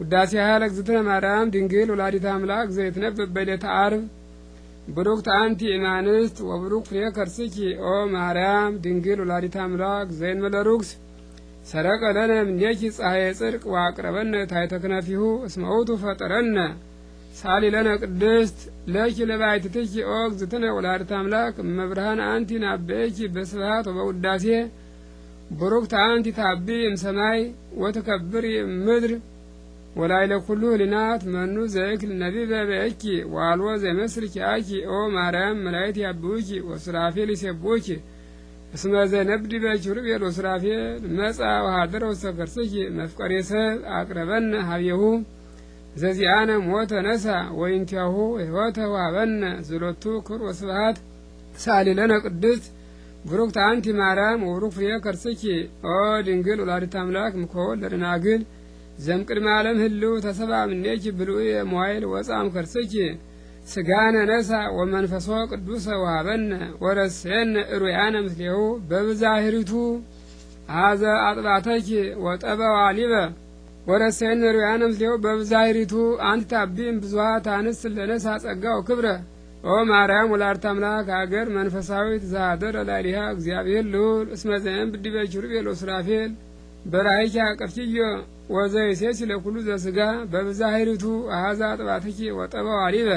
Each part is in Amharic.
ውዳሴ ሀያ እግዝእትነ ማርያም ድንግል ወላዲተ አምላክ ዘይትነበብ በዕለተ ዓርብ ብሩክት አንቲ ኢማንስት ወብሩክ ፍሬ ከርስኪ ኦ ማርያም ድንግል ወላዲተ አምላክ ዘእንበለ ርኩስ ሰረቀ ለነ እምኔኪ ፀሐየ ጽድቅ ወአቅረበነ ታሕተ ክነፊሁ እስመ ውእቱ ፈጠረነ ሳሊ ለነ ቅድስት ለኪ ለባሕቲትኪ ኦ እግዝእትነ ወላዲተ አምላክ መብርሃን አንቲ ናብዔኪ በስብሐት ወበውዳሴ ብሩክት አንቲ ታቢ እምሰማይ ወትከብሪ እምድር ወላይለ ኩሉ ልናት መኑ ዘይክል ነቢበ በእኪ ዋልዎ ዘመስልኪ አኪ ኦ ማርያም መላይት ያብኡኪ ወሱራፌል ይሴብኡኪ እስመ ዘነብድ በኪሩቤል ወሱራፌል መጻ ወሃደረ ውስተ ከርስኪ መፍቀሬ ሰብ አቅረበነ ሀብየሁ ዘዚአነ ሞተ ነሳ ወይንቲያሁ ሕይወተ ወሀበነ ዝሎቱ ክብር ወስብሐት ሳሊለነ ቅድስት ብሩክት አንቲ ማርያም ወብሩክ ፍሬ ከርስኪ ኦ ድንግል ወላዲተ አምላክ እምኮ ለደናግል ዘምቅድመ ዓለም ህልው ተሰባምኔኪ ብሉይ ሞይል ወፃም ከርሰኪ ስጋነ ነሳ ወመንፈሶ ቅዱሰ ውሃበነ ወረሴነ እሩያነ ምስሌሁ በብዛህሪቱ አዘ አጥባተኪ ወጠበዋ ሊበ ወረሴነ እሩያነ ምስሌሁ በብዛህሪቱ አንቲ ታቢም ብዙሃት አንስት ለነሳ ጸጋው ክብረ ኦ ማርያም ወላዲተ አምላክ አገር መንፈሳዊት ዘሀደረ ላዕሊሃ እግዚአብሔር ልዑል እስመ ዘእንብድበ ኪሩቤል ወሱራፌል በራእይኪ አቀፍኪዮ ወዘይሴች ለኩሉ ዘስጋ በብዛ ሀይሪቱ አሀዛ ጥባትኪ ወጠበው አሪበ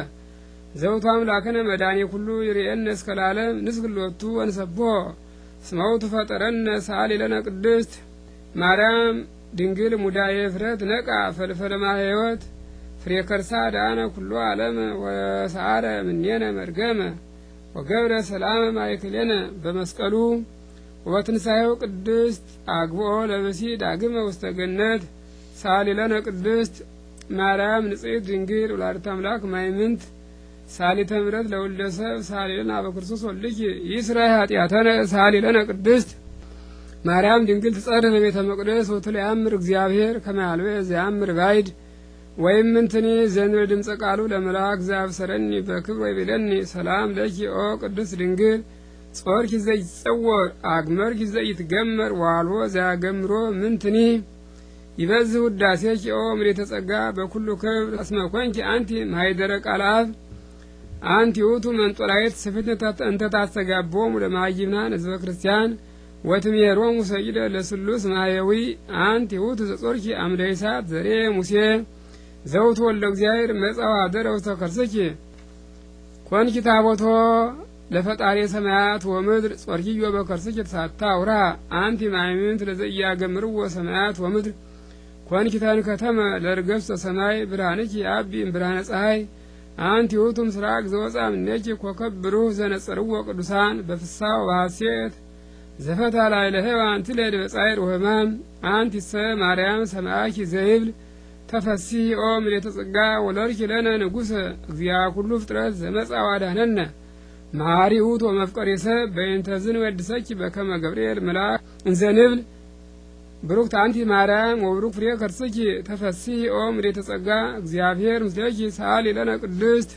ዘውቱ አምላክነ መድኃኔ ኩሉ ይርኤን እስከላለም ንስግሎቱ ወንሰቦ ስመውቱ ፈጠረነ ሰአሊ ለነ ቅድስት ማርያም ድንግል ሙዳየ ፍረት ነቃ ፈልፈለማ ህይወት ፍሬ ከርሳ ዳነ ኩሉ አለመ ወሰአረ ምኔነ መርገመ ወገብረ ሰላመ ማይክሌነ በመስቀሉ ወበትንሣኤው ቅድስት አግብኦ ለብሲ ዳግመ ውስተ ገነት ሳሊለነ ቅድስት ማርያም ንጽሕት ድንግል ወላዲተ አምላክ ማይምንት ሳሊተ ምሕረት ለወልደ ሰብ ሳሊለነ አበ ክርስቶስ ወልድኪ ይስራ ኃጢአተነ ሳሊለነ ቅድስት ማርያም ድንግል ትጸርህ በቤተ መቅደስ ያምር እግዚአብሔር ከማያልበ ያምር ዘያምር ባይድ ወይም ምንትኒ ዘንበ ድምፀ ቃሉ ለመልአክ ዘአብሰረኒ በክብር ወይቤለኒ ሰላም ለኪ ኦ ቅድስት ድንግል ጾርኪ ዘይጸወር አግመርኪ ዘይትገመር ዋልዎ ዘያገምሮ ምንትኒ ይበዝ ውዳሴኪ ኦ ምልዕተ ጸጋ በኩሉ ክብር እስመ ኮንኪ አንቲ ማይደረ ቃለ አብ አንቲ ውእቱ መንጦላዕት ስፍሕት እንተ ታስተጋቦሙ ለመሃይምናን ሕዝበ ክርስቲያን ወትሜሮሙ ሰጊደ ለስሉስ ማሕየዊ አንቲ ውቱ ዘጾርኪ አምደ ዘሬ ሙሴ ዘውት ዘውትወልደ እግዚአብሔር መጽአ ኀደረ ውስተ ከርሥኪ ኮንኪ ታቦቶ ለፈጣሪ ሰማያት ወምድር ጾርኪዮ በከርሥኪ ተሳታ አውራ አንቲ ማእምንት ለዘኢያገምርዎ ሰማያት ወምድር ኮንኪተን ከተመ ለርገብስተ ሰማይ ብርሃንኪ አቢ ብርሃነ ፀሐይ አንቲ ውእቱ ምስራቅ ዘወፃ እምኔኪ ኮከብ ብሩህ ዘነጸርዎ ቅዱሳን በፍሳው በሐሴት ዘፈታ ላይ ለህዋን ትለድ በጻይር ወህማም ሰ ማርያም ሰማያኪ ዘይብል ተፈሲ ኦ ምልዕተ ጸጋ ወለርኪ ለነ ንጉሰ እግዚአ ኩሉ ፍጥረት ዘመጻ ዋዳነነ መሐሪ ውእቱ ወመፍቀሬሰ በእንተ ዝንወድሰኪ በከመ ገብርኤል መልአክ እንዘንብል ብሩክት አንቲ ማርያም ወብሩክ ፍሬ ከርስኪ ተፈሲ ኦ ምልዕተ ጸጋ እግዚአብሔር ምስሌኪ ሳሊ ለነ ቅድስት